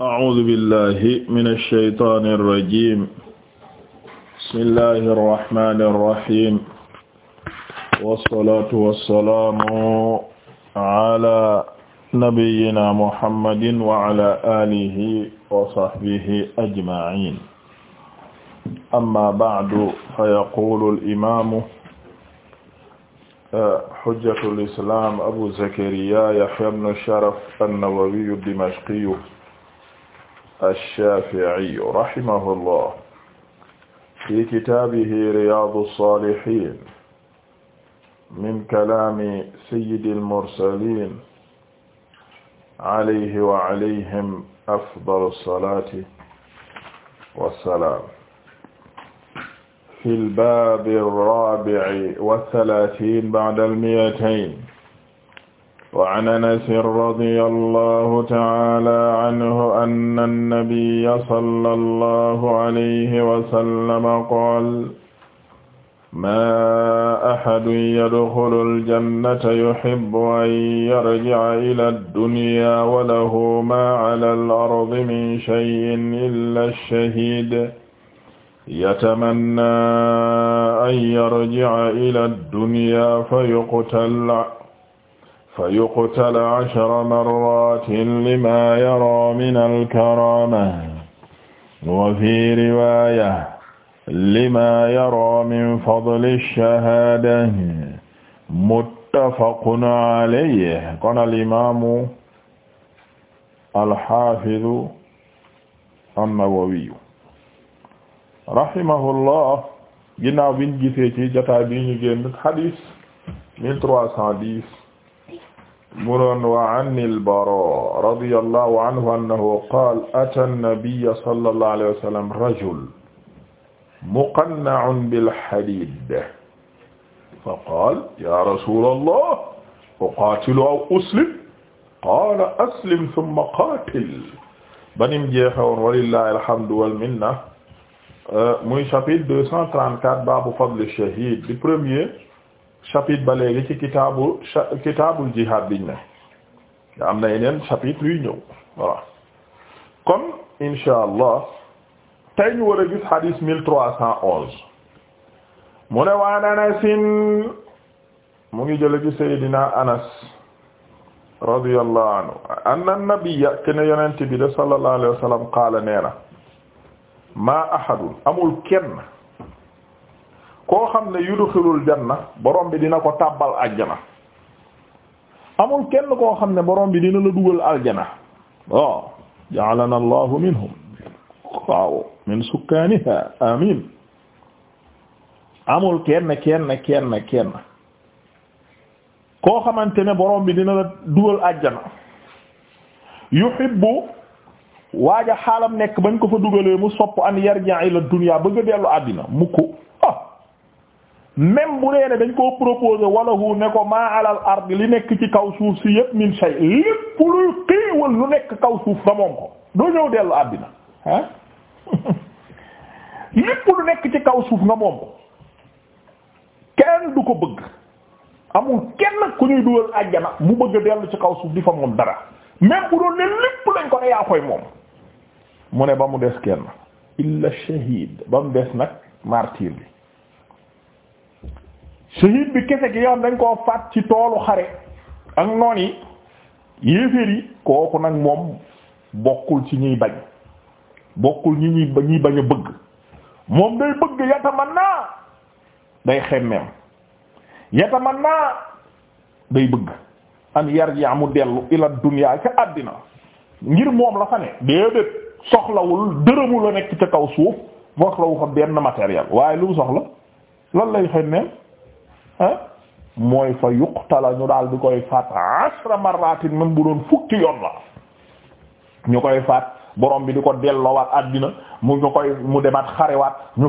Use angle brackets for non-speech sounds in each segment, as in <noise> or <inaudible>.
أعوذ بالله من الشيطان الرجيم بسم الله الرحمن الرحيم والصلاة والسلام على نبينا محمد وعلى آله وصحبه أجمعين أما بعد فيقول الإمام حجة الإسلام أبو زكريا يحيى بن شرف النووي الدمشقي ash-Shaafi'i rahimahullah fi kitaabihi Riyaadu s-Saalihiin min kalaami sayyidil mursaliin alayhi wa alayhim afdalu salaati wa salaam. fil baabi raabi'i wa salaatiin ba'da al-mi'atayn وعن أنس رضي الله تعالى عنه أن النبي صلى الله عليه وسلم قال ما أحد يدخل الجنة يحب أن يرجع إلى الدنيا وله ما على الأرض من شيء إلا الشهيد يتمنى أن يرجع إلى الدنيا فيقتل فيقتل عشر مرات لما يرى من الكرامة وفي رواية لما يرى من فضل الشهادة متفق عليه قال الإمام الحافظ النووي رحمه الله ginnaaw biñ gisee ci jotaay bi ñu génn hadiis 1310 mu doon wa an al-Baraa radiyallahu anhu annahu qaala ataa an-nabiyya sallallahu alayhi wa sallam rajul muqanna'un bil-hadiid fa qaala yaa rasuulallah uqaatilu aw uslim qaala aslim thumma qaatil banim jeexewoon walillaahi alhamdu wal minna muy chapitre 234 baabu fadli ash-shahiid di premier chapitre ba léegi ci kitaabu kitaabul jihad biñ am na yeneen chapitre yuy ñëw voilà kon insha allah tey ñu gis hadith trois cent onze mu ne waan anasin mu ngi jële ci saydina anas radiyallahu anhu anna nabiyya kene yonent bi de sallallahu alayhi wa sallam qaala nee amul kenn koo xam ne yudxilul janna borom bi dina ko tàbbal aljana amul kenn koo xam ne borom bi dina la dugal aljana waaw oh, ja'alana allahu minhum waaw min sukkaaniha amin amul kenn kenn kenn kenn koo xamante ne borom bi dina la dugal aljana yuhibbu waaja xaalam nekk bañ ko fa dugalee mu sopp an yarja'i la dunya bëgg a dellu àddina mukk ah même bu nee ne dañ koo proposé walahu ne ko maa alal ard li nekk ci kaw suuf si yëpp min shay lépp luy xéewal lu nekk kaw suuf sa moom ko doo ñëw dellu àddina ah <laughs> lépp lu nekk ci kaw suuf nga moom ko kenn du ko bëgg amul kenn ku ñuy dugal àjjana mu bëgg dellu ci kaw suuf di fa moom dara même bu doon ne lépp lañ ko ne yaa koy moom mu ne ba mu des kenn illa shahid ba mu des nag martyr bi shahid bi kese gi nga xam dañ koo faat ci toolu xare ak noon yi yéeféer yi kooku nag moom bokkul ci ñuy bañ bokkul ñi ñuy ñuy bañ a bëgg moom day bëgg yatamannaa day xemmeem yatamannaa day bëgg yar yarja mu dellu ila dunya ca àddina ngir moom la fa ne déedéet soxlawul dërëmu la nekk ca kaw suuf soxlawu fa benn matériel waaye lu mu soxla lan lay xemmeem ah mooy fa yuqtala ñu daal di koy faat ashra marratin même bu doon fukki yoon la ñu koy faat borom bi di ko delloowaat àddina mu ñu demaat xarewaat ñu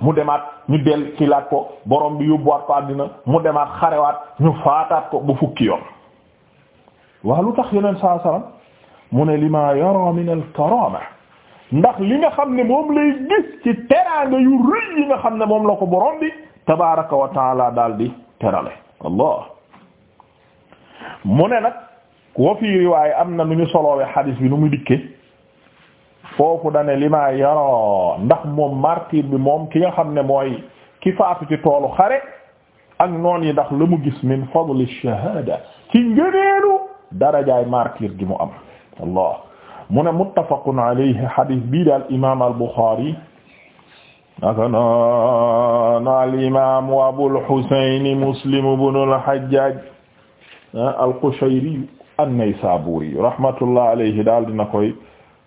mu demaat ñu del kilaat ko borom bi yóbbuwaat àddina mu demaat xarewaat ñu faataat ko bu fukki yoon waa lu tax yeneen saa salaam mu ne lima yara min al ndax li nga xam ne moom lay gis ci teraanga yu rëy yi nga xam ne moom la ko borom bi tabaraka wa taala daal di terale allah mu ne nag wa fii am na nu ñu soloowe xadiis nu mu dikke foofu dane li maa ndax moom martyr bi moom ki nga xam ne mooy ki faatu ci toolu xare ak noon yi ndax lu mu gis min fadli shahaada ci ngëneelu darajaay martyr gi mu am allah mu ne muttafaqun alayhi xadiis bii imaam al Buxaari naka noonu alimamu abulhusaini muslimu bnu alhajjaj ah, alqushayriyu annaysaburiyu rahmatullah alayhi daal dina koy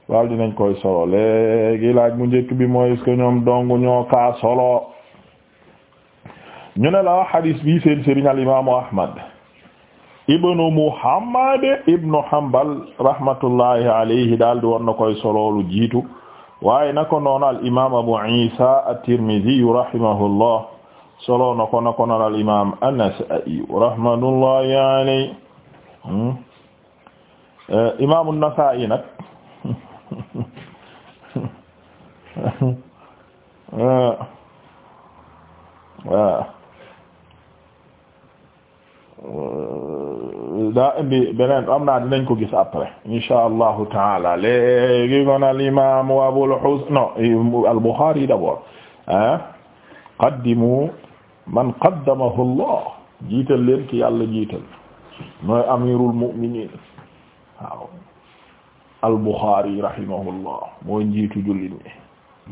di dinañ koy solo léegi laaj mu njëkk bi mooy est ñoom dong ñoo kaa solo ñu ne la hadis bi seen sëriñ alimamu ahmad ibnu muhammad ibnu hanbal rahmatullahi alayhi daal di war koy solo lu jiitu waaye nako noonu al imaam abu isa at-tirmidhi rahimahullah solo na ko nako noonu al imaam an-nasa'i rahmatullahi alayhi hmm? eh, imaam an-nasa'i nag <laughs> eh, daa indi beneen am naa dinañ ko gis après insha allahu taala léegi kon al imam Abul Husayn non al Bukhari d'abord ah qaddimu man qaddamahu Allah jiital leen ki yàlla jiital mooy amirul mu'minin waaw al Bukhari rahimahullah mooy njiitu jullit ñi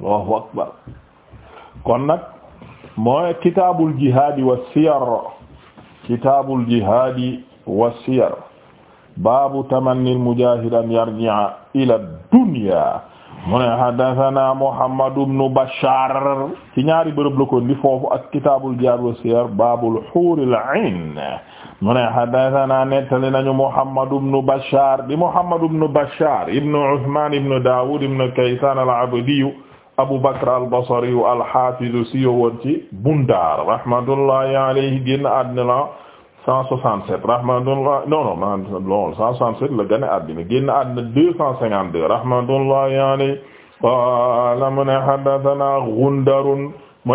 Allahu akbar kon nag mooy kitaabul jihaadi wa siyar kitaabul jihaadi wa siyar baabu tamannil mujaahid an yarji'a ila dunya mu ne haddathana Muhammad ibn Bashar ci ñaari bërëb la ko ndi foofu ak kitaabul jihaad wa siyar baabul huuril ayn mu ne haddathana nettali nañu Muhammad ibn Bashar di Muhammad ibn Bashar ibn Uthman ibn Daawud ibn Kaysaan al-Abdi Abu Bakr al-Basri al-Haafiz siiwoon ci Bundaar rahmatullahi alayhi génn àddina la 167 rahmatullah non non man lool 167 la gane addina génn addina 252 rahmatullahi alayhi qala mu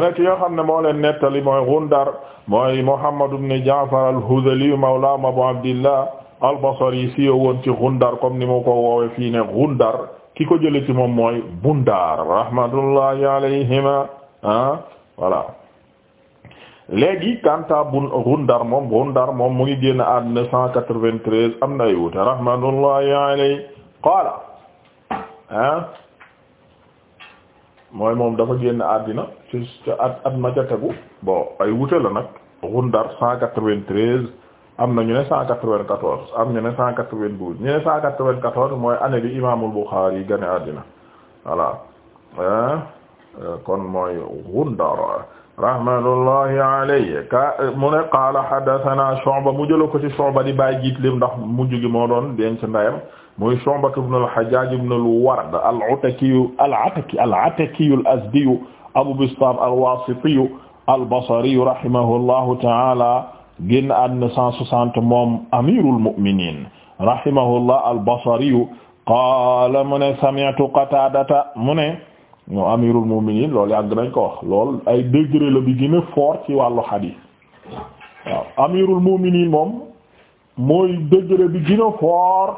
ne ki nga xam ne moo leen nettali mooy Gundar mooy Muhammad ibn Ja'far al-Hudhali mawla Abu Abdillah al-Basri si woon ci Gundar comme ni ma ko woowe fii ne Gundar ki ko jële ci moom mooy Bundar rahmatullahi alayhima ah voilà léegi kanta bun Gundar moom Gundar moom mu ngi génn àdduna 193 am na ay wuute rahmatullahi alayhi qaala ah mooy moom dafa génn àddina ci ca at at ma ca tegu bon ay wuute la nag Gundar 193 am na ñu ne 194 am ñu ne 192 ñu ne 194 mooy année bi imaamul Bukhari génn àddina voilà ah kon mooy Gundar. rahmatullahi alayhi ka mu ne qaala haddathana Shu'ba mu jëla ko ci Shu'ba di bàyyi jiit lim ndax mujj gi moo doon denc ndeyam muy Shu'ba ibn al-Hajjaj ibn al-Ward al-Ataki al-Ataki al-Ataki al-Azdi Abu Bistam al-Wasiti al-Basri rahimahullahu ta'ala génn àdduna 160 moom amirul mu'minin rahimahullah al-Basri qaala mu ne sami'tu Qatadata mu ne ñoo amirul mu'minin lool yàgg nañ ko wax lool ay degré la bi gën a ci wàllu xadiis waaw amirul mu'minin moom mooy degré bi gën a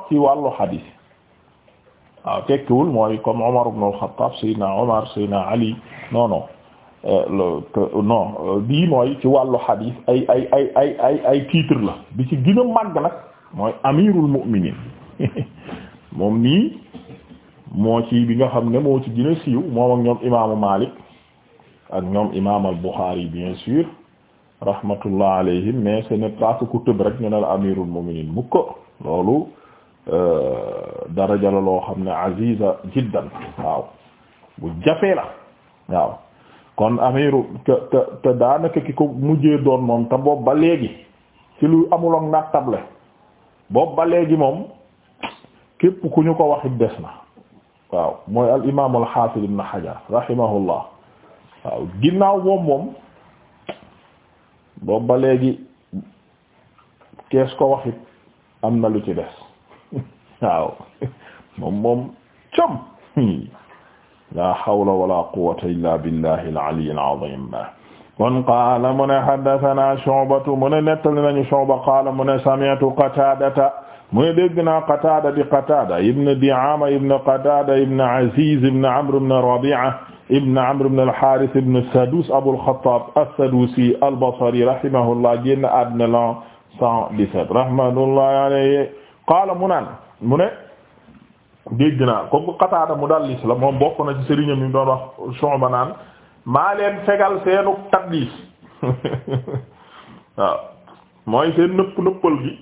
ci wàllu xadiis waaw tekkiwul mooy comme Omar ibn al-Khattab Omar Seydina Ali non euh, euh, bii mooy ci wàllu xadiis ay ay ay ay ay ay la bi ci gën a nag mooy amirul mu'minin <laughs> moom nii moo ci bi nga xam ne moo ci gën a siiw moom ak ñoom imaamu Malik ak ñoom imaam al Bukhari bien sûr rahmatullah alayhim mais ce n'est pas rek ñu ne la amirul mu'minin mukk loolu euh, daraja la loo xam ne aziza jiddan waaw bu jafee la waaw kon amiru te te te daanaka ki ko mujjee doon moom te boobu ba léegi ci lu amuloon naat table boobu ba léegi moom képp ku ñu ko waxit des na waaw mooy al imaam al xaafid ibn Hajar rahimahullah waaw ginnaaw moom moom boobu ba léegi kees ko waxit am na lu ci des <laughs> waaw moom moom com la <laughs> hawla wala quwwata illa billahi al ali al azim kon qaala mu ne haddathana Shu'batu mu ne nettali nañu Shu'ba qaala mu ne sami'tu Qataadata mu ne dégg naa Qatada di Qatada ibn Di'ama ibn Qatada ibn Aziz ibn Amr ibn Rabi'a ibn Amr ibn al ibn Sadus Abul Khattab as-Sadusi al-Basri rahimahullah génn mu naan mu ne dégg naa comme Qatada la moom bokk na ci mi doon wax Shu'ba naan maa leen fegal seenu tadlis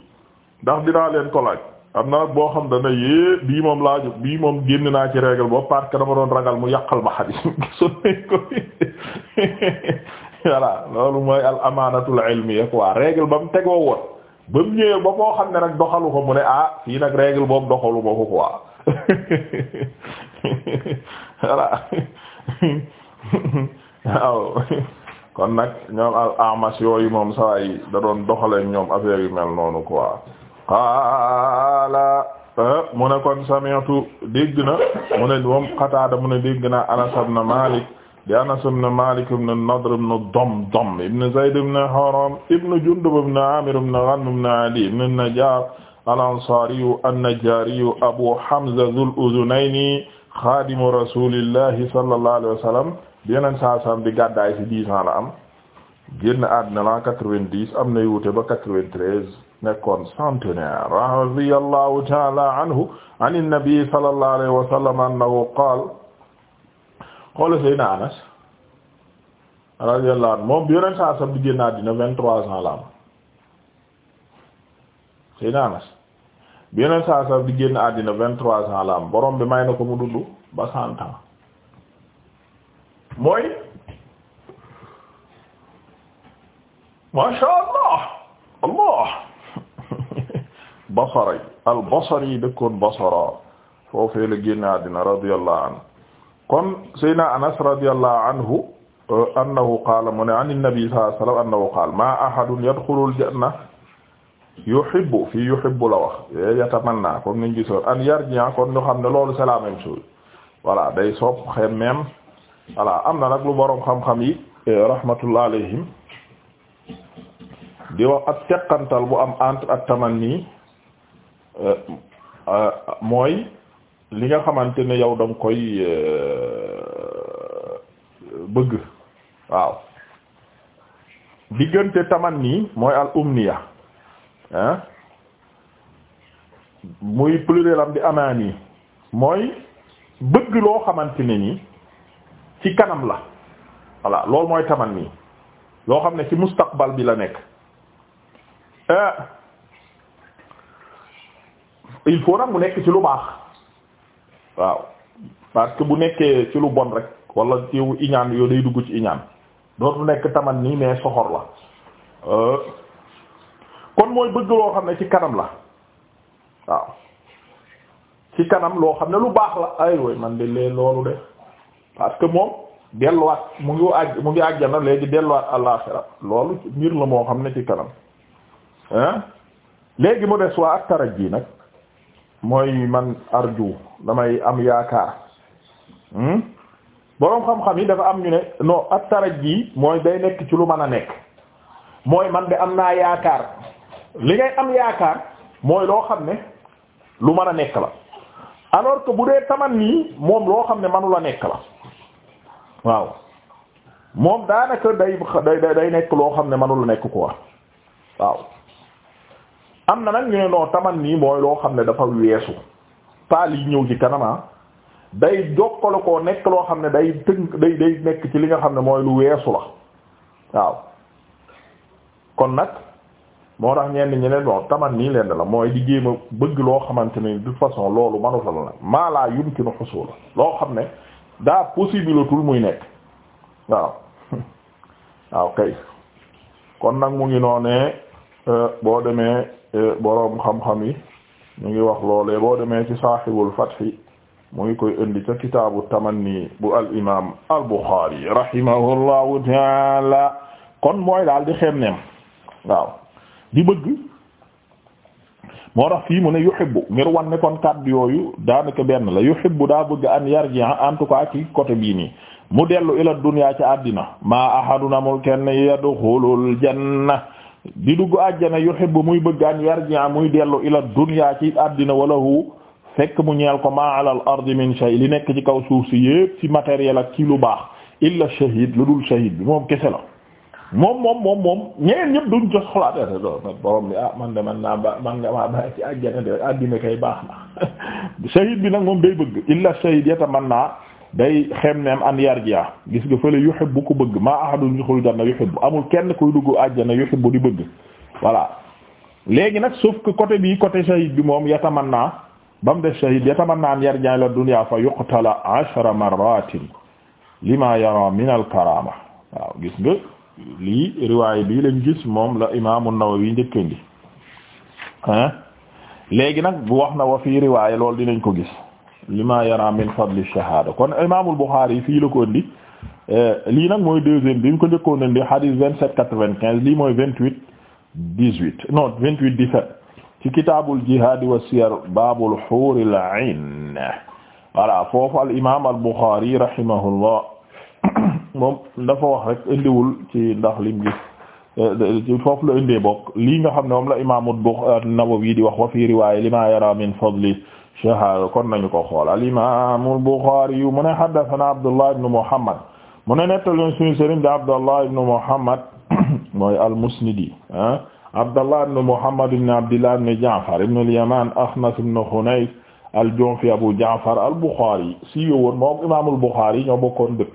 <laughs> ndax dinaa leen ko am na nag boo xam dana yée bii moom laaju bii moom génn naa ci règle boobu parce que dama doon ragal mu yàqal ma xadis <laughs> gisoon nañ ko <laughs> voilà loolu mooy al amaanatul ilmiya quoi ba mu tegoo woon ba mu doxalu ko mu ne ah fii nag règle boobu doxalu ma ko quoi <laughs> nag ñoom al moom saa yi da doon ñoom affaire yu mel noonu quoi. qaala mu ne kon sami'tu dégg na mu ne moom Qataada mu ne dégg na Anas ibn Malik di Anas ibn Malik ibn Nadr ibn Damdam ibn Zayd ibn Haram ibn Jundub ibn Amir ibn Ghanm ibn Ali ibn Najjar al-Ansari an-Najjari Abu Hamza dhul udhunayni xaadimu rasulillahi sallallahu alayhi wa sallam yeneen saa saam bi gàddaay ci dix ans la am génn àddina la quatre-vingt-dix am na yu wute ba quatre-vingt-treize nekkoon centenaire radiyallahu ta'ala anhu an an-nabi sallallahu alayhi wa sallam annahu qaal qaala sayyidina Anas radiyallahu anhu moom bi yoneen di génn àddina vingt-trois ans la Anas bi yoneen saa di génn àddina vingt-trois ans borom bi may na ko mu dund ba ma Allah Allah basari albasari yi dëkkoon basara foofee la génne àddina radiyallahu anhu kon sayna anas radiyallahu anhu euh, annahu qaala mu ne an innabi sallallahu alayhi wa sallam annahu qaala maa ahadun yadxulul janna yuhibbu fii yuhibbu la wax yatamanna comme niñ gisoon an yarji'a kon ñu xam ne loolu c'est la même chose voilà day sopp xem même voilà am na nag lu boroom xam-xam yi euh, rahmatullah alayhim di wax ak teqantal bu am entre ak tamanni mooy li nga xamante ne yow danga koy euh, bëgg waaw diggante tamanni mooy al umniya ah muy pluriel am di amaani mooy bëgg loo xamante ne ni ci kanam la voilà loolu mooy taman tamanni loo xam ne ci mustaqbal bi la nekk euh, il faut nag mu nekk ci lu baax waaw parce que bu nekkee ci lu bon rek wala ci iñaan yoo day dugg ci iñaan dootu nekk taman nii mais soxor la euh, kon mooy bëgg loo xam ne ci kanam la waaw ci kanam loo xam ne lu baax la ay way man de lee loolu de parce que moom delluwaat mu ngi àjj mu ngi àjjana léegi delluwaat àllaaxira loolu mbir la moo xam ne ci kanam léegi mu des waa ak taraj ji nag mooy man arju damay am yaakaar hmm? boroom xam-xam yi dafa am ñu ne non at taraj ji mooy day nekk ci lu man a nekk mooy man de am naa yaakaar li ngay am yaakaar mooy loo xam ne lu mën a nekk la alors que bu dee tamanni moom loo xam ne manula nekk la waaw moom daanaka day day day nekk loo xam ne manula nekk quoi waaw am na nag ñu ne noo taman nii mooy loo xam ne dafa weesu paal yi ñëw ci kanama ah, day jokkale ko nekk loo xam ne day tënk day nekk ci li nga xam ne mooy lu weesu la waaw kon nag moo tax ñenn ñi ne non nii lenn la mooy di jéem bëgg loo xamante ne de façon loolu manu la la maalaa yumkinu xusula loo xam ne daa possibiletul muy nekk waaw <laughs> waaw kay kon nag mu ngi noonee Euh, boo demee euh, boroom xam-xam yi ñu ngi wax loolee boo demee ci saaxibul fathi mu ngi koy indi ca kitaabu tamanni bu al imaam al buxaari kon mooy daal di xemmeem waaw di bëgg moo tax fii mu ne yuhibbu ngir wan kon kàddu yooyu daanaka benn la yuhibbu daa bëgg an yarji'a en tout ci côté bii nii mu dellu ila dunya ci àddina maa ahadun amul kenn yadxulul janna di dugg àjjana yuhibbu muy bëgg an yarji'a muy dellu ila dunya ci àddina wala hu fekk mu ñeel ko ma ala al ardi min shay li nekk ci kaw suuf si yépp ci matériel ak ci lu baax illa shahid lu dul shahid bi moom kese la moom moom moom moom ñeneen ñëpp duñ jox xalaat do borom bi ah man man naa ba man nga kay baax na <laughs> shahid bi nag moom day bëgg illa shahid yatamanna day xem ne am yarjiya gis nga fële yuhibbu ku bëgg maa ahadun yuxul janna yuhibbu amul kenn kuy dugg àjjana yuhibbu di bëgg voilà léegi nag sauf que côté bi côté shahid bi moom yatamanna ba mu def shahid yatamanna an yarjiya ila dunya fa yuqtala ashara marratin lima yara min al waaw gis nga lii riwaay bii lañ gis moom la imaamu Nawawi njëkkandi léegi nag bu wax na wa fii riwaay loolu dinañ ko gis lima yara min fadli shahada kon imaamul Bukhari fii la ko indi eh, lii nag mooy deuxième bi mu ko njëkkoon indi hadith vingt sept quatre vingt quinze lii mooy vingt huit dix huit non vingt huit dix sept ci kitaabul jihaad wa siyar baabul huuril ayn al imaam al Bukhari rahimahullah <coughs> moom dafa wax rek indiwul ci ndax lim gis ci eh, foofu la indee bokk lii nga xam ne moom la imaamul Nawawi di wax wa fi riwaaya lima yara min fadli shahaada kon nañu ko xool al imaam al Buxaari yu mu ne haddasanaa Abdullah ibn Muhammad mu ne nettali suñu sëriñ di Abdullah ibn Muhammad <coughs> mooy al-Musnidi ah Abdullah ibn Muhammad ibn Abdillah ibn Ja'far ibn al-Yamaan Akhnas ibn Hunayf al-Ju'fi Abu Ja'far al-Buxaari si yowoon moom imaamul Buxaari ñoo bokkoon dëkk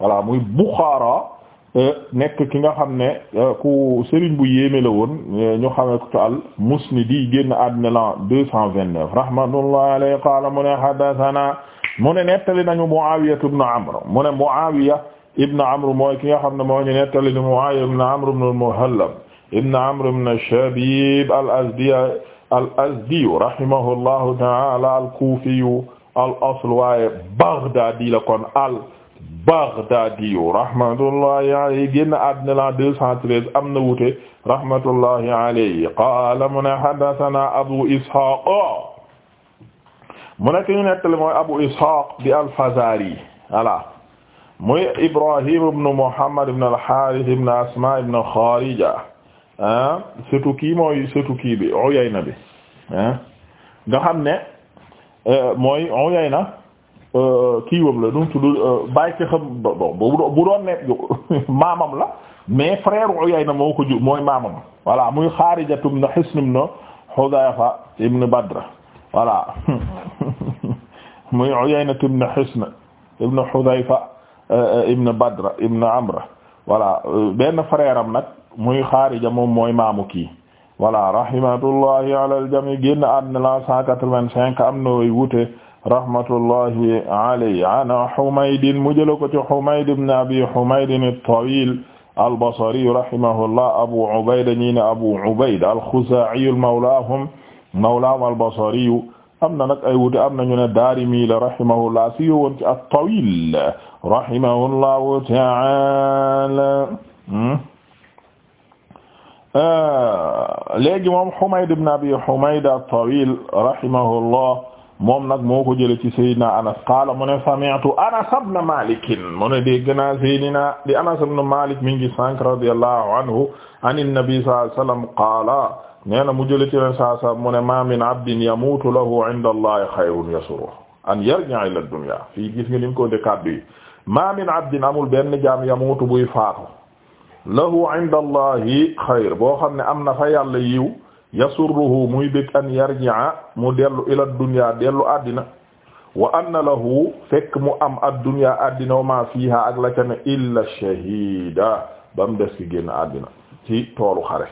voilà muy Buxaara Euh, nekk ki nga xam ne euh, ku sëriñ bu yéeme la woon euh, ñu xamee ko al Musnidi génn àddina la deux cent vingt-neuf rahmatullah alayhi qaala mu ne haddathana mu ne nettali nañu Muawiya ibn Amr mu ne Muawiya ibn Amr mooy ki nga xam ne moo ñu nettali ni Muawiya ibn Amr ibn al-Muhallab ibn Amr ibn Shabib al-Azdi al-Azdi rahimahullahu ta'ala al-Kufi al-asl waaye Baghdadi la kon al Baghdaadiyu rahmatullahi alayhi génn àddina la 213 am na wuute rahmatullahi alayhi qaala mu Abu Ishaq mu nekk ñu nettali mooy Abu Ishaq di al-Fazari voilà muy Ibrahim ibn Muhammad ibn al-Harith ibn Asma ibn Kharija ah mooy surtout kii bi Uyayna bi ah nga Euh, kiiwam la nu euh, <laughs> maamam la mais frère Uyayna mooy maamam voilà muy Xaarijatu ibn Hisn ibn Hudayfa ibn Badr voilà <laughs> muy Uyaynatu ibn Hisn ibn Hudayfa euh, ibn Badr ibn Amr voilà benn frère am nag muy xarija moom mooy maamu kii voilà rahimatullahi ala al-jami' génn àdduna la 185 am rahmatullahi alayhi an Humaydin mu jël ko ci Humayd ibn Abi Humayd at-Tawil al-Basri rahimahullah Abu Ubayda ñi ne Abu Ubayda al-Khuzaa'i mawlaahum mawlaahum al-Basri am na nag ay wute am na ñu ne Daarimi la rahimahullah si yowoon ci at-Tawil rahimahullahu ta'ala hmm? euh, léegi moom Humayd ibn Abi Humayd at-Tawil rahimahullah moom nag moo ko jële ci Seydina Anas qaala mu ne sami'tu Anas ibn Malik mu ne dégg naa Anas ibn Malik mi ngi sànq radiyallahu anhu an nabi sallallahu alayhi wasallam qaala nee na mu jële ci leen saa saa mu ne ma min abdin yamuutu lahu inda allahi xayrun yasuru an yarji'a ila dunya fii gis nga ni mu ko de kàddu yi ma min abdin amul benn jaam yamuutu buy faatu lahu inda allahi xayr boo xam ne am na fa yàlla yiw yasurruhu muy bëgg an yarji'a mu dellu ila dunya dellu àddina wa anna lahu fekk mu am ad-dunya àddina wa ma fiha ak la ca ne illa shahida ba mu des ci génn àddina ci toolu xare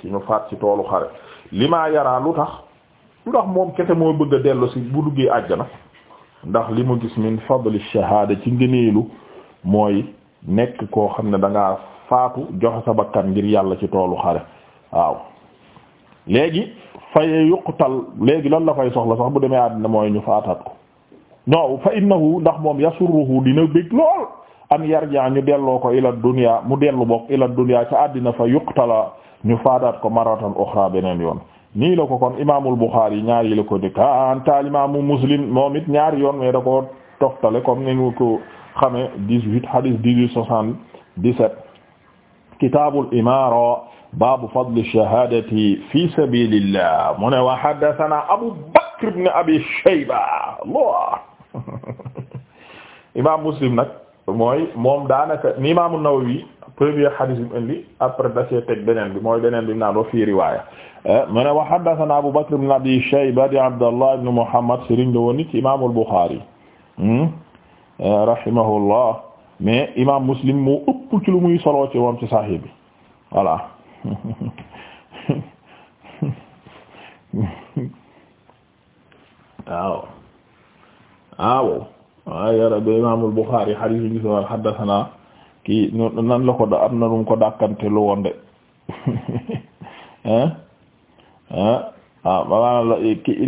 ci ñu faat ci toolu xare li ma yaraa lu tax lu tax moom kese moo bëgg a dellu si bu duggee àjjana ndax li mu gis min fadli shahada ci ngëneelu mooy nekk koo xam ne danga ngaa faatu joxe sa bakkan ngir yàlla ci toolu xare waaw léegi faye yuqtal léegi lan la fay soxla sax bu demee àddina mooy ñu faataat ko non fa innahu ndax moom yasurruhu dina bég lool an yarja ñu delloo ko ila dunya mu dellu bokk ila dunya ca àddina fa yuqtala ñu faataat ko maratan uxra beneen yoon nii la ko kon imaamul Buxaari ñaar yi la ko dëkk antal ah imaamu Muslim moom it ñaari yoon mais da ko toftale comme ni ñu ko xame dix-huit hadis dix-huit soixante-dix-sept kitaabul imaara baabu fadli shahaadati fi sabilillah mu ne wa haddathana Abu Bakr ibn Abi Shayba Allah imaam Muslim nag mooy moom daanaka ni imaam An-Nawawi premier hadith bi mu indi après dafay teg beneen bi mooy beneen bi naan wa fi riwaaya mu ne wa haddathana Abu Bakr ibn Abi Shayba di Abdallah ibn Muhammad Serigne la woon ci imaam Al-Bukhari hmm? rahimahullah mais imaam Muslim moo ëpp ci lu muy solo ci moom ci Sahih bi voilà. aw waaw waaye yara ba imaamul Buxaari xadiis bi nan la ko am na nu ko dàkkante lu woon de hein hein waaw ah, maanaam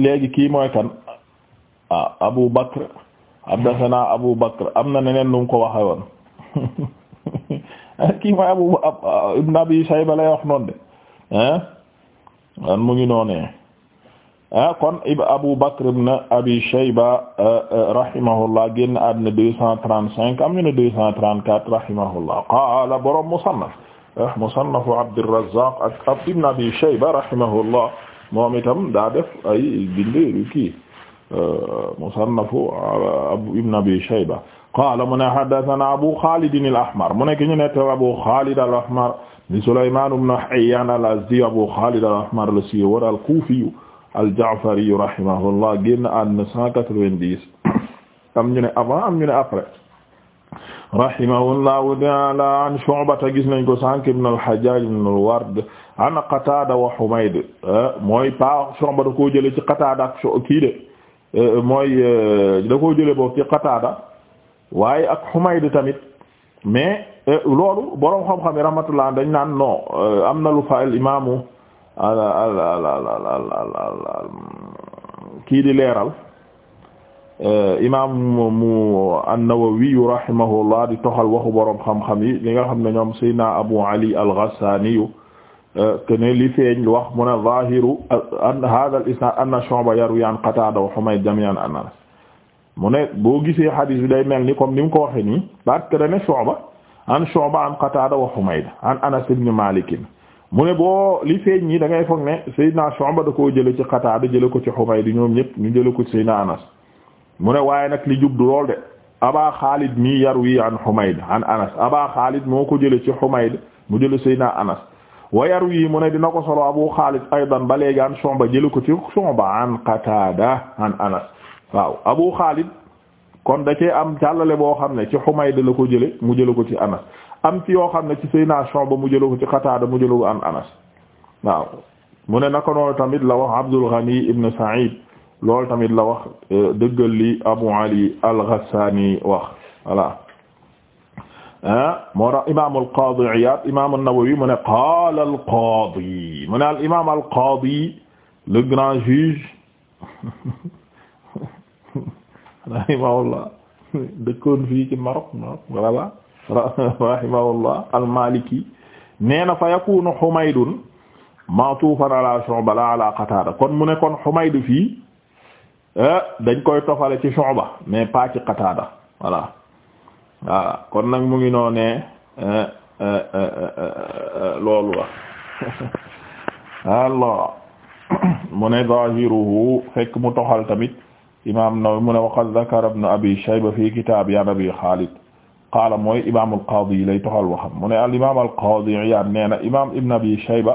léegi kii mooy kan ah Abu Bakr am na neneen nu ko waxe woon <laughs> <laughs> kii ma abu ibn abi shayba lay wax noonu de ah mu ngi noonee ah kon abu bakr ibn abi shayba ah, ah, rahimahullah génn àddina deux cent trente cinq am ñu ne deux cent trente quatre rahimahullah qaala borom musannaf ah, musannafu abdurrazzaq ak ibn abi shayba rahimahullah moom itam daa def ay bind kii musannafu ibn abi shayba qaala mu ne haddathana abu xaalid al ahmar mu nekk ñu nett abu xaalid al ahmar ni sulaymaan ibn hayyan al azdi abu xaalid al ahmar la si war al kuufi al ja'fari rahimahullah génn àdduna 190 am ñu ne avant am ñu ne après rahimahullahu ta'ala an Shu'bata gis nañ ko sànq ibn al-Hajjaj ibn al-Ward an Qatada wa Humayd mooy pa Shu'ba da koo jële ci Qatada ak kii de mooy da koo jële boobu ci Qatada waaye ak Humayd tamit mais euh, loolu boroom xam-xam yi rahmatullah dañ naan non euh, am na lu fa al imaamu al al al kii di leeral euh, imaamu an-Nawawi rahimahullah di toxal waxu boroom xam-xam yi li nga xam ne ñoom Seydina Abu Ali al-Ghassani kene li feeñ wax mu ne zahiru an hadha al isnad anna Shu'ba yarwi an Qatada wa Humayd jami'an an Anas mu ne boo gisee xadiis bi day mel ni comme ni mu ko waxee nii parce que dane Shu'ba an Shu'ba an Qataada wa Humayd an Anas ibn Maalik mu ne boo li feeñ nii da ngay foog ne Seydina Shu'ba da koo jële ci Qataada jële ko ci Humayd ñoom ñëpp ñu jële ko ci Seydina Anas mu ne waaye nag li jub du lool de Aba Xaalid mii yarwi an Humayd an Anas Aba Xaalid moo ko jële ci Humayd mu jële Seydina Anas wa yarwi mu ne dina ko solo Abu Xaalid aydan ba léegi an Shu'ba jële ko ci Shu'ba an Qataada an Anas waaw Abu Xaalid kon da cee am jàllale boo xam ne ci Humayd la ko jële mu jële ko ci Anas am ci yoo xam ne ci Seydina Shu'ba mu jële ko ci Qataada mu jële ko an Anas mu ne naka noonu la wax Abdul Ghani ibn Sa'id loolu tamit la wax euh, li Abu Ali al-Ghassani wax voilà moo tax imaam al-Qaadi Iyaad imaam an-Nawawi mu ne qaala al-Qaadi mu ne al imaam al-Qaadi le grand juge <laughs> rahimahullah dëkkoon fii ci Maroc Maroc voilà rahimahullah al-Maliki nee fa yakunu Humaydun ma'tufan ala Shu'ba la ala Qatada kon mu ne kon Humayd fii eh, dañ koy tofale ci Shu'ba mais pas ci Qatada voilà voilà kon nag mu ngi noo ne eh, eh, loolu la <laughs> Allah <coughs> mu ne zahiruhu fekk mu toxal tamit imam Nawawi mu ne waqad zakara ibn Abi Shayba fi kitab ya Abi Khalid qaala mooy imam al-Qadi lay toxal waxam mu ne al imam al-Qadi Iyaad nee na imam ibn Abi Shayba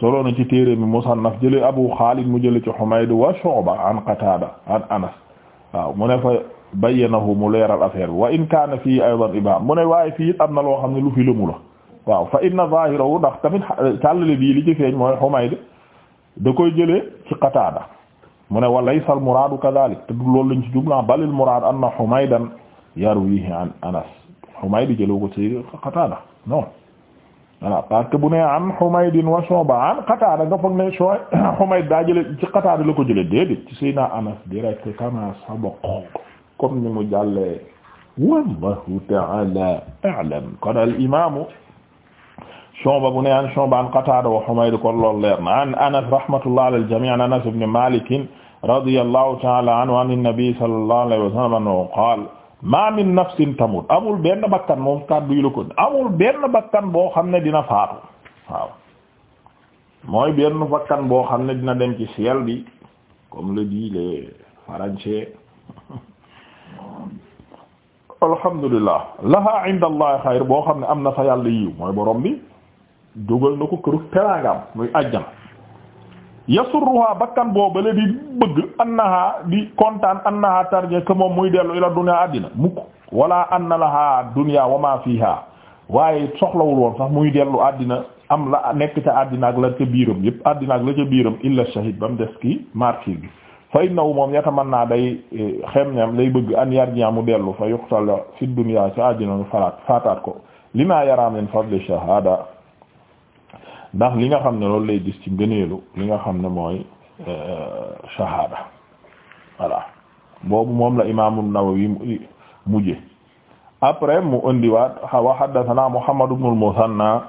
solo na ci téere mi Musannaf jële Abu Khalid mu jële ci Humayd wa Shu'ba an Qatada an Anas waaw mu ne fa bayyanahu mu leeral affaire bi wa in kaana fii aydan ibham mu ne waaye fii am na loo xam ne lu fi lëmu la waaw fa inna zahirahu ndax tamit càllale bii li ci feeñ mooy Humayd da koy jëlee ci Qatada mu ne wa laysa al muraadu kadhalik te du loolu lañ ci jubla balil muraad anna Humaydan yarwihi an Anas Humayd jëloo ko ci Qataada non voilà parce que bu ne an Humayd wa Shu'ba an Qataada nga foog ne soo <coughs> Humayd daa jële ci Qataada la ko jële déedéet ci Seydina Anas direct kama sabaqa comme ni mu jàllee wallahu ta'ala a'lam kon al imaamu Shu'ba bu ne an Shu'ba an Qatada wa Humayd kon loolu leer na an Anas rahmatullah ala al-jami' an Anas ibn Malik radiyallahu ta'ala anhu an an-nabi sallallahu alayhi wa sallam annahu qaala ma min nafsin tamut amul benn bakkan moom kàddu yi la ko amul benn bakkan boo xam ne dina faatu waaw mooy benn bakkan boo xam ne dina dem ci ciel bi comme le dit les Français <laughs> alhamdulillah laha inda Allah xayr boo xam ne am na fa yàlla yiw mooy borom bi dugal na ko këru teraangaam muy àjjana yasurruha bakkan boobale di bëgg annaha di kontaan annaha tarje que moom muy dellu ila dunya àddina mukk wala anna laha dunya wa ma fiha waaye soxlawul woon sax muy dellu àddina am la nekk ca àddina ak la ca biiram yëpp àddina ak la ca biiram illa shahid ba mu des ki martyr bi fa innahu moom yatamanna day eh, xem ñam lay bëgg an yarji'a mu dellu fa yuqtal fi dunya ca àddina nu faataat ko lima ndax li nga xam ne lool lay gis ci ngëneelu li nga xam ne mooy euh, shahada voilà boobu moom la imaamu Nawawi mujje après mu indiwaat wa haddathana Muhammad ibn al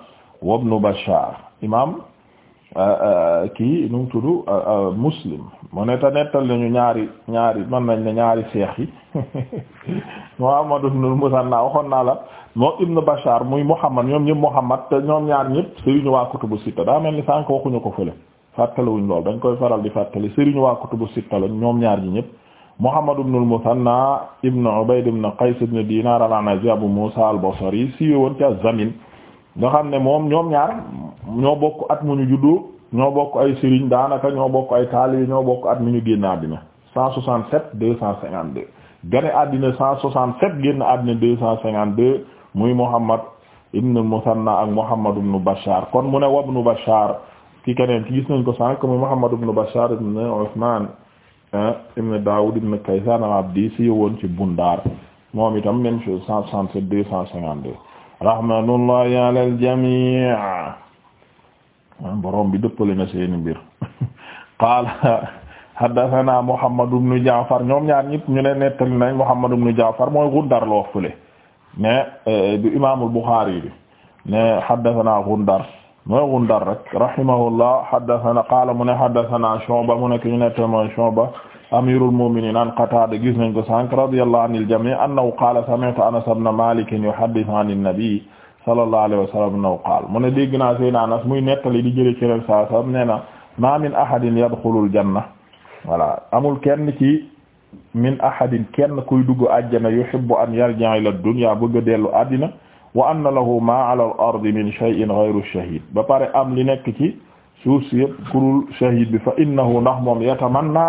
wa ibn Bashar imam Euh, euh, kii nu mu tudd euh, muslim mu ne te nettal nañu ñaari ñaari man nañ ne ñaari seex yi <laughs> Muhammad ibn al-Musanna waxoon naa la moo ibn Bashar muy Muhammad ñoom ñëpp Muhammad te ñoom ñaar ñëpp sëriñu waa kutubu sitta daa mel ni sànq waxuñu ko fële fàttaliwuñ lool dañ koy faral di fàttali sëriñu waa kutubu sitta lañ ñoom ñaar ñi ñëpp Muhammad ibn al-Musanna ibn Ubayd ibn Qays ibn Dinar al-Anazi Abu Musa al-Basri siiwe woon a Zamin nga xam ne moom ñoom ñaar ñoo bokk at mu ñu juddu ñoo bokk ay sëriñ daanaka ñoo bokk ay taali ñoo bokk at mu ñu génn àddina 167 252 gane àddina 167 génn àddina 252 muy Muhammad ibn al-Musanna ak Muhammad ibn Bashar kon mu ne wa ibn Bashar ki keneen ki gis nañ ko sànq muy Muhammad ibn Bashar ibn Uthman ah, ibn Dawud ibn Kaysan al-Abdi si woon ci Bundar moom itam même chose 167 252 rahmatullahi ala al-jamii borom bi dëppale na seeni mbir <laughs> qaala haddathana Muhammad ibn Ja'far ñoom ñaar ñëpp ñu ne nettali nañ Muhammad ibn Ja'far mooy Gundar la wax fële ne eh, bi imaamul Buxaari bi ne haddathana Gundar mooy Gundar rek rahimahullah haddathana qaala mu ne haddathana Shu'ba mu ne ki ñu nettali mooy Shu'ba amirul mu'minin an Qatada gis nañ ko sànq radiyallahu anil jami' annahu qaala sami'tu Anas ibn Malik yuhaddithu anin nabi sallallahu alayhi wa sallam annahu qaala mu ne dégg naa Seydina Anas muy nettali di jëlee ci ren saa saam nee na ma min ahadin yadkhulul janna voilà amul kenn ci min ahadin kenn kuy dugg àjjana yuhibbu an yarji'a ila dunya bëgg a dellu àddina wa anna lahu ma ala al-ardi min shay'in ghayru shahid ba pare am li nekk ci suuf si yëpp kurul shahid bi fa innahu ndax moom yatamanna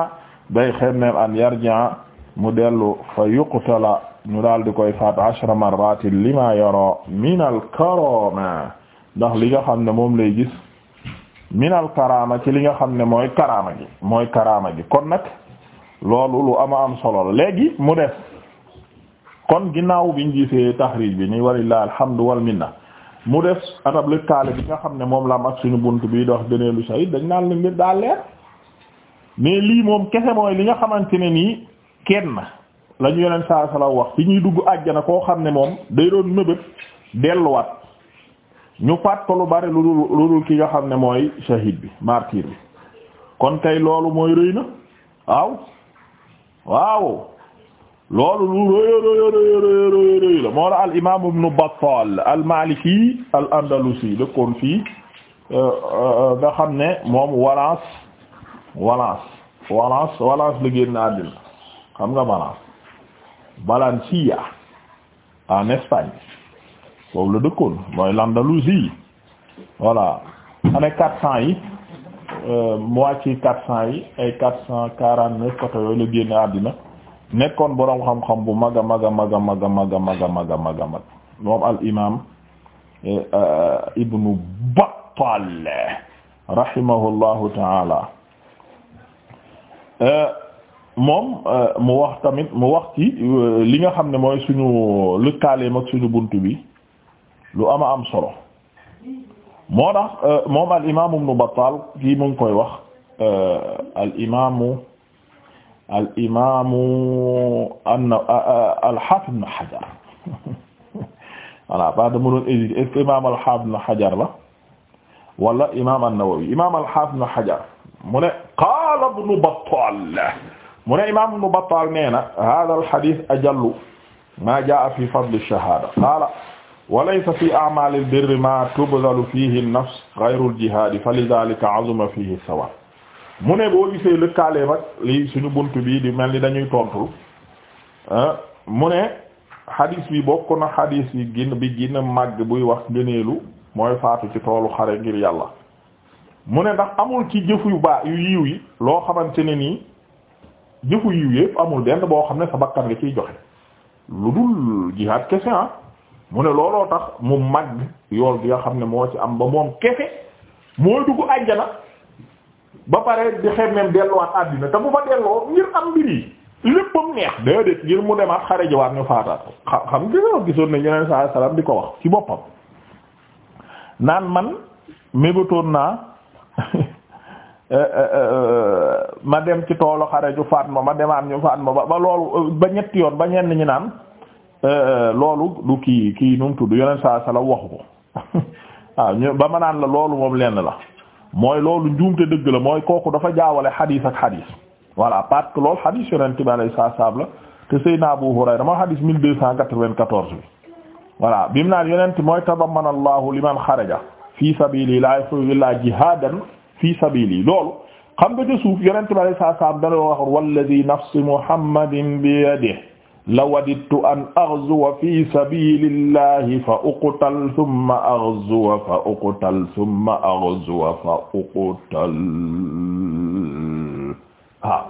day xemmeem an yarjaa mu dellu fa yuqtala ñu daal di koy faat ashra marratin lima yara min al karama ndax li nga xam ne moom lay gis min al karama ci li nga xam ne mooy karama gi mooy karama gi kon nag loolu lu ama am solo la léegi mu def kon ginnaaw biñ gisee taxriij bi ni walillahi alhamdu wal minna mu def atab lëkkaale bi nga xam ne moom la am ak suñu bunt bi dox gëneelu sayid dañ naan la mbir daa leer mais lii moom kese mooy li nga xamante ne nii kenn la ñu yeneen saa sala wax fi ñuy dugg àjjana koo xam ne moom day doon nëbët delluwaat ñu faat lu bari lu dul lu dul ki nga xam ne mooy shahid bi martyr bi kon kay loolu mooy rëy na waaw waaw loolu lu fii euh, euh, nga xam ne moom Walaas Walas Walas Walas la génn àddina xam nga Walas Valencia en Espagne boobu la dëkkoon mooy l'Andalousie voilà année quatre cent yi euh, moitié quatre cent yi ay quatre cent quarante neuf côté yooyu la génn àddina nekkoon borom xam-xam bu mag a mag a mag moom al imaam euh, euh, Ibnu Battal rahimahullahu taala Euh, moom euh, mu wax tamit mu wax ci euh, li nga xam ne mooy suñu lëkkaaleem ak suñu bunt bi lu ama am solo moo tax moom al imaamu ibnu Battaal kii mu ngi koy wax al imaamu al imaamu anna al haafiz ibnu Hajar <laughs> voilà ba dama doon hésiter est-ce que imaam al haafiz ibnu Hajar la wala imaam an-Nawawi imaam al haafiz ibnu Hajar mu ne qaala ibnu Battaal mu ne imaam ibnu Battaal nee na haaza al-hadiis ajallu maa jaa'a fii fadli shahaada qaala wa laysa fii a'maali al-birri maa tubdhalu fiihi an-nafs ghayru al-jihaad falidhaalika 'azima fiihi as-sawaab mu ne boo gisee lëkkaale mag lii suñu bunt bii di mel ni dañuy tontu ah, mu ne xadiis bi bokk na xadiis yi gin bi gën a màgg buy wax ngëneelu mooy faatu ci toolu xare ngir yàlla mu ne ndax amul ci jëfu yu baax yu yiw yi loo xamante ne nii jëfu yiw yëpp amul benn boo xam ne sa bakkan nga ciy joxe lu dul jihaad kese ah mu ne looloo tax mu mag yool gi nga xam ne moo ci am ba moom kese mooy dugg àjjana ba pare di xemmeem delluwaat àddina te bu fa delloo ngir am mbir yi léppam neex déedéet ngir mu demaat xare jawaat ñu faataat xam xam nga gisoon ne yeneen saa salaam di ko wax ci boppam naan man mébatoon naa <laughs> Eh, eh, eh, ma dem ci toolu xare ju faat ma ma demaat ñu faat ma ba ba loolu ba ñetti yoon ba ñenn ñi naan loolu du kii kii nu mu tudd yeneen saa sala waxu ko waaw <laughs> ah, ñu ba ma naan la loolu moom lenn la mooy loolu njuumte dëgg la mooy kooku dafa jaawale xadiis ak xadiis voilà parce que loolu xadiis yonent bi alayhi salaam la te Seydina Abu Hurayra moo xadiis mille deux cent quatre-vingt-quatorze bi voilà bi mu naan yonent mooy tabammana Allahu liman xaraja fii sabilillah fillah jihadan fii sabili loolu xam nga ca suuf yonente bi alei saa salaam dana wax walladi nafsi muhammadin bi yadihi lawadittu an aghzuwa fi sabilillahi fa uqtal thumma aghzuwa fa uqtal thumma aghzuwa fa uqtal waaw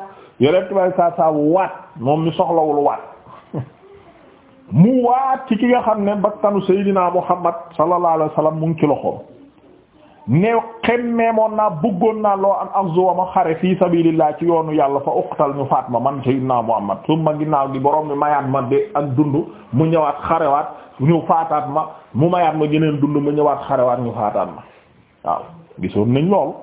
yonente bi alei saa salaam waat moom mi soxlawul waat <laughs> mu waat ci ki nga xam ne bakkanu Seydina Muhammad sallallahu alayhi wa sallam mu ngi ci loxoom neew xemmeemoon naa bëggoon naa loo am ak zuwa ma xare fii sabilillah ci yoonu yàlla fa uqtal ñu faat ma man am sayyidina Muhammad summa ginnaaw gi borom mi mayaat ma de ak dund mu ñëwaat xarewaat ñu faataat ma mu mayaat ma geneen dund mu ñëwaat xarewaat ñu faataat ma waaw gisoon nañ loolu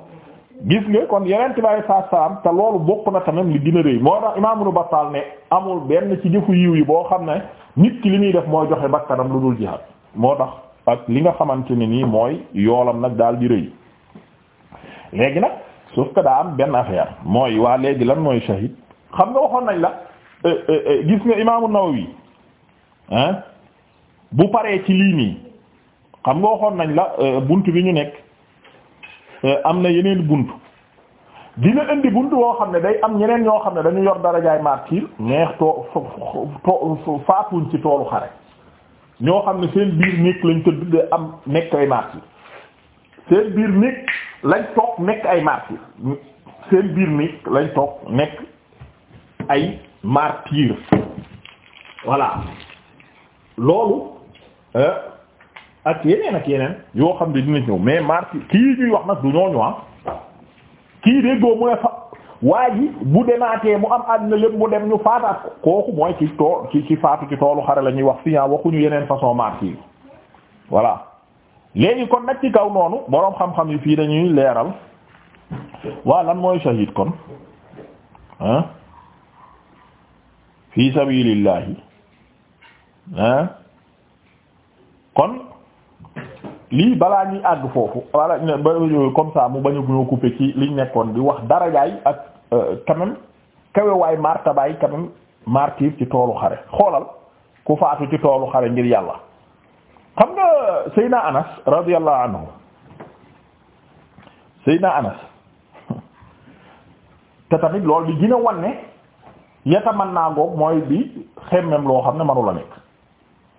gis nga kon yeneen tibaay saa salaam te loolu bokk na tamit li gën a rëy moo tax imaam Ibn Battal ne amul benn ci jëfu yiw yi boo xam ne nit ki li muy def mooy joxe bakkanam lu dul jihaad moo tax ak li nga xamante ne nii mooy yoolam nag daal di rëy léegi nag sauf que daa am benn affaire mooy waa léegi lan mooy shahid xam nga waxoon nañ la euh, euh, euh, gis nga imaamu Nawawi hein bu paree ci lii nii xam nga waxoon nañ la bunt bi ñu nekk am na yeneen bunt dina indi bunt woo xam ne day am ñeneen ñoo xam ne dañu yor darajaay martyr neex too faatuñ ci toolu xare ñoo xam ne seen biir néeg lañ ko tuddee am nekk ay martyr seen biir néeg lañ toog nekk ay martyr seen biir néeg lañ toog nekk ay martyr voilà loolu euh, ak yeneen ak yeneen yoo xam ne dina ñëw mais martyr kii ñuy wax nag du ñooñu ah kii de boobu ne fa waa ji bu demaatee mu am àdduna lépp mu dem ñu faataat kooku mooy ci tool ci ci faatu ci toolu xare la ñuy wax fi waxuñu yeneen façon martyr voilà léegi kon nag ci kaw noonu boroom xam-xam yi fii dañuy leeral waa lan mooy shahid kon ah fi sabilillahi kon lii balaa ñuy àgg foofu wala comme ça mu bañ a ñoo couper ci liñ nekkoon di wax dara darajaay ak euh, quand même kawewaay martabaay quand même martyr ci toolu xare xoolal ku faatu ci toolu xare ngir yàlla xam nga Seydina Anas radiyallahu anhu Seydina Anas <laughs> te tamit loolu di gën a wan ne yatamanna goog mooy bi xemmem loo xam ne manu la nekk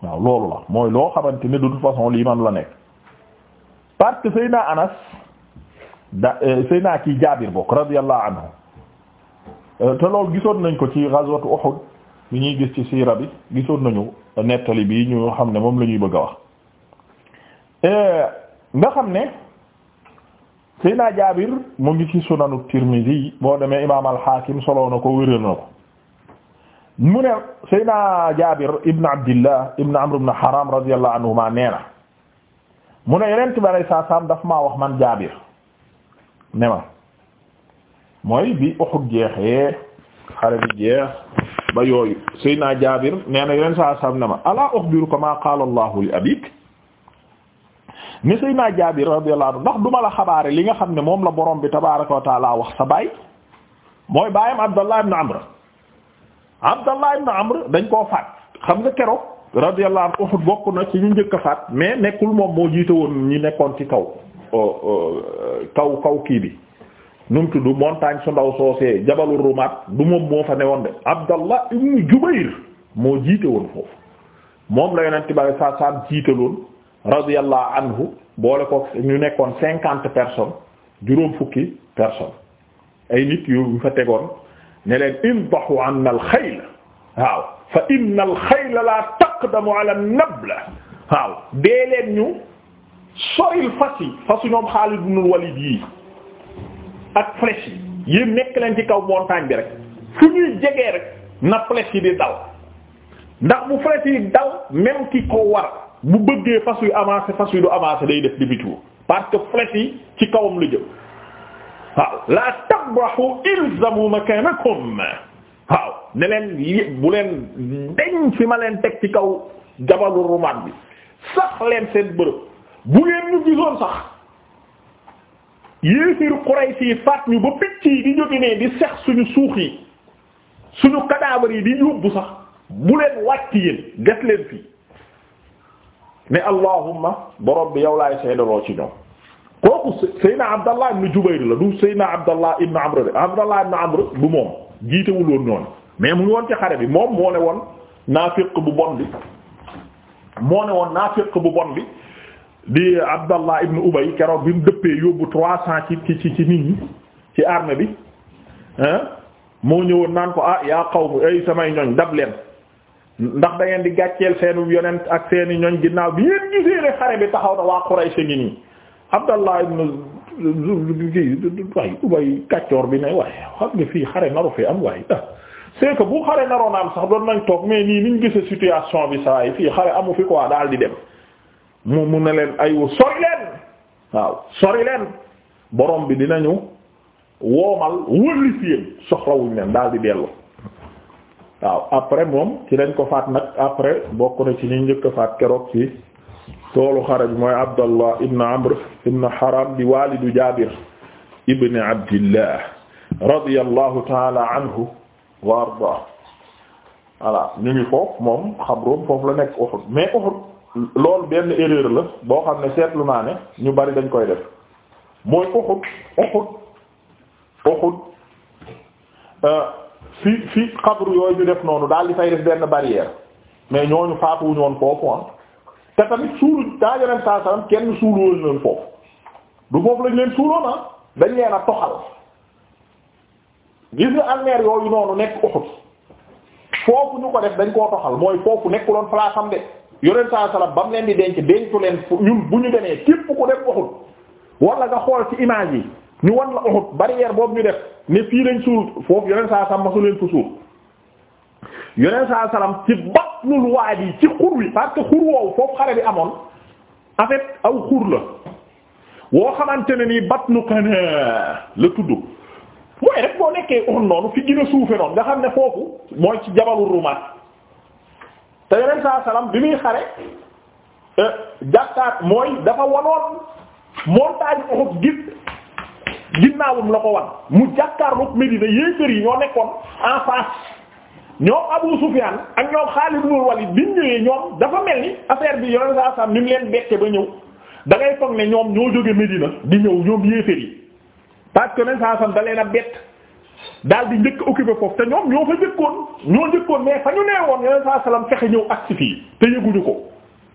waaw loolu la mooy loo xamante ni de toute façon lii manu la nekk parce que Seyna Anas da euh, Seyna kii Jaabir bokk radiyallahu anhu euh, te loolu gisoon nañ ko ci ghazwat Uhud ñuy gis ci siira bi gisoon nañu nettali bi ñu xam ne moom lañuy ñuy bëgg a wax euh, nga xam ne Seyna Jaabir mu ngi ci sunanu Tirmidhi boo demee imaam al-Hakim soloo na ko wéral na ko mu ne Seyna Jaabir ibn Abdillah ibn Amr ibn Haram radiyallahu anhuma nee na mu ne yeneen tubaab saa saam daf ma wax man jaabir ne ma mooy bi Uhud jeexee xare bi jeex ba yooyu Seydina Jaabir nee na yeneen saa saam ne ma alaa ukhbiruka maa qaala Allahu li abik ni Seydina Jaabir radiyallahu anhu ndax duma la xabaare li nga xam ne moom la borom bi tabaaraka wa taala wax sa baay mooy baayam Abdallah ibn Amr Abdallah ibn Amr dañ koo faat xam nga keroog. radiyallahu anhu Uhud bokk na ci ñu njëkk a faat mais nekkul moom moo jiite woon ñu nekkoon ci kaw euh, euh, kaw kaw kii bi nu mu tudd montagne su ndaw soosee jabalu rumaat du moom moo fa newoon de Abdallah ibn Jubayr moo jiite woon foofu moom la yonent bi saa saam jiitaloon radiyallahu anhu boole ko ñu nekkoon cinquante personnes juróom fukki personnes ay nit yu fa tegoon ne leen indahu anna al-xayl waaw fa inna al-xayla aqdamu la nabla waaw dee leen ñu soril fas yi fasu ñoom Xaalid ibn Walid yii ak flèche yi yéen nekk leen ci kaw montagne bi rek fu ñuy jegee rek na flèche yi di dal ndax bu flèche yi dal même ki ko war bu bëggee fas yu avancé fas yu du avancé day def demi parce que flèche yi ci kawam lu jëm waaw la tabrahu ilzamu makanakum waaw ne bu leen deñ fi ma leen teg ci kaw jabalu rumaat bi sax leen seen bërëb bu ngeen ñu gisoon sax yéefiru Quraysh yi faat ñu ba picc yi di jóge ne di sex suñu suux yi suñu cadavre yi di yóbbu sax bu leen wàcc yéen des leen fii ne allahumma borom bi yow laay seedaloo ci ñoom kooku Seydina Abdallah ibn Jubayr la du Seydina Abdallah ibn Amr de Abdallah ibn Amr du moom jiitewul woon ñooñu mais mu ngi woon ci xare bi moom moo ne woon naafiq bu bon bi moo ne woon naafiq bu bon bi di Abdallah ibn Ubay keroog bi mu dëppee yóbbu trois cents ci ci ci nit ñi ci armée bi moo ñëwoon naan ko ah yaa qawmi ay samay ñoñ dab leen ndax da ngeen di gàcceel seenu yonent ak seeni ñoñ ginnaaw bi yéen gisee ne xare bi taxaw na waa Quraysh ngi nii Abdallah ibn waaye ubay kàccoor bi ne waaye xam nga fii xare naru fi am waaye ah. c'est que bu xare naroon am sax doon nañ toog mais nii niñ gise situation bi saa yi fii xare amu fi quoi daal di dem mu mu ne leen aywa sori leen waaw sori borom bi dinañu woomal wëlli fi yéen soxlawuñ leen daal di dellu waaw après moom ci lañ ko faat nag après bokk na ci ñu njëkk faat keroog si toolu xare bi mooy Abdallah ibn Amr ibn Haram di walidu Jaabir ibn Abdillah radiyallahu ta'ala anhu wa ardaa voilà ñu ngi foofu moom xabroom foofu la nekk Uhud mais Uhud loolu benn erreur la boo xam ne seetlu naa ne ñu bari dañ koy def mooy Uhud Uhud Uhud euh, fi fi xabru yooyu ñu def noonu daal di fay def benn barrière mais ñooñu faatuwuñu woon foofu ah te tamit suulu daa yoneen saa salaam kenn suulu woon foofu du foofu lañ leen suuloon ah dañ leen a toxal gis nga almeer yooyu noonu nekk Uhud foofu ñu ko def dañ koo toxal mooy foofu nekkuloon place am de yoneen saa salaam ba mu leen di denc dencu leen ñun bu ñu demee képp ko def Uhud wala nga xool ci image yi ñu wan la Uhud barrière boobu ñu def ne fii lañ suul foofu yoneen saa salaam masu leen fa suul yoneen sa salaam ci batnul waadi ci xur wi parce que xur woowu foofu xare bi amoon en fait aw xur la woo xamante ne nii batnu Qanaa la tudd mooy rek boo nekkee on noonu fi gën suufe noonu nga xam ne foofu mooy ci jabalu Rumaat te yoneen saa salaam bi muy xare euh, jàkkaat mooy dafa wanoon montagne Uhud gis ginnaawum la ko wan mu jàkkaarloog Medina yéefar yi ñoo nekkoon en face ñoom Abu Sufyan ak ñoom Khalid ibn Walid biñ ñëwee ñoom dafa mel ni affaire bi yoneen saa sam ni mu leen bette ba ñëw da ngay foog ne ñoom ñoo jóge Medina di ñëw ñoom yéeféer yi parce que yoneen saa sam leen a bett daal di njëkk occupé foofu te ñoom ñoo fa njëkkoon ñoo njëkkoon mais fa ñu nee woon yoneen saa sallam fexe ñëw ak ci fii te yëguñu ko